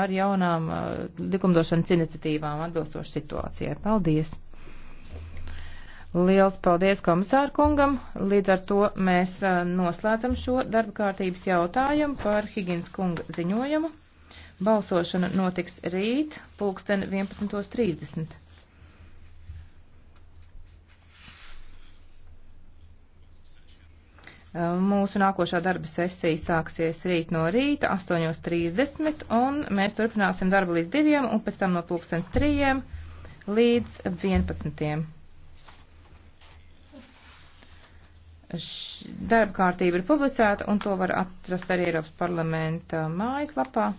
ar jaunām uh, likumdošanas iniciatīvām atbilstoši situācijai. Paldies! Liels paldies komisāru kungam. Līdz ar to mēs uh, noslēdzam šo darba kārtības jautājumu par Higins kunga ziņojumu. Balsošana notiks rīt, pulksten 11.30. Mūsu nākošā darba sesija sāksies rīt no rīta 8.30 un mēs turpināsim darbu līdz 2 un pēc tam no pulkstens 3 līdz 11. Darba kārtība ir publicēta un to var atrast arī Eiropas parlamenta mājaslapā.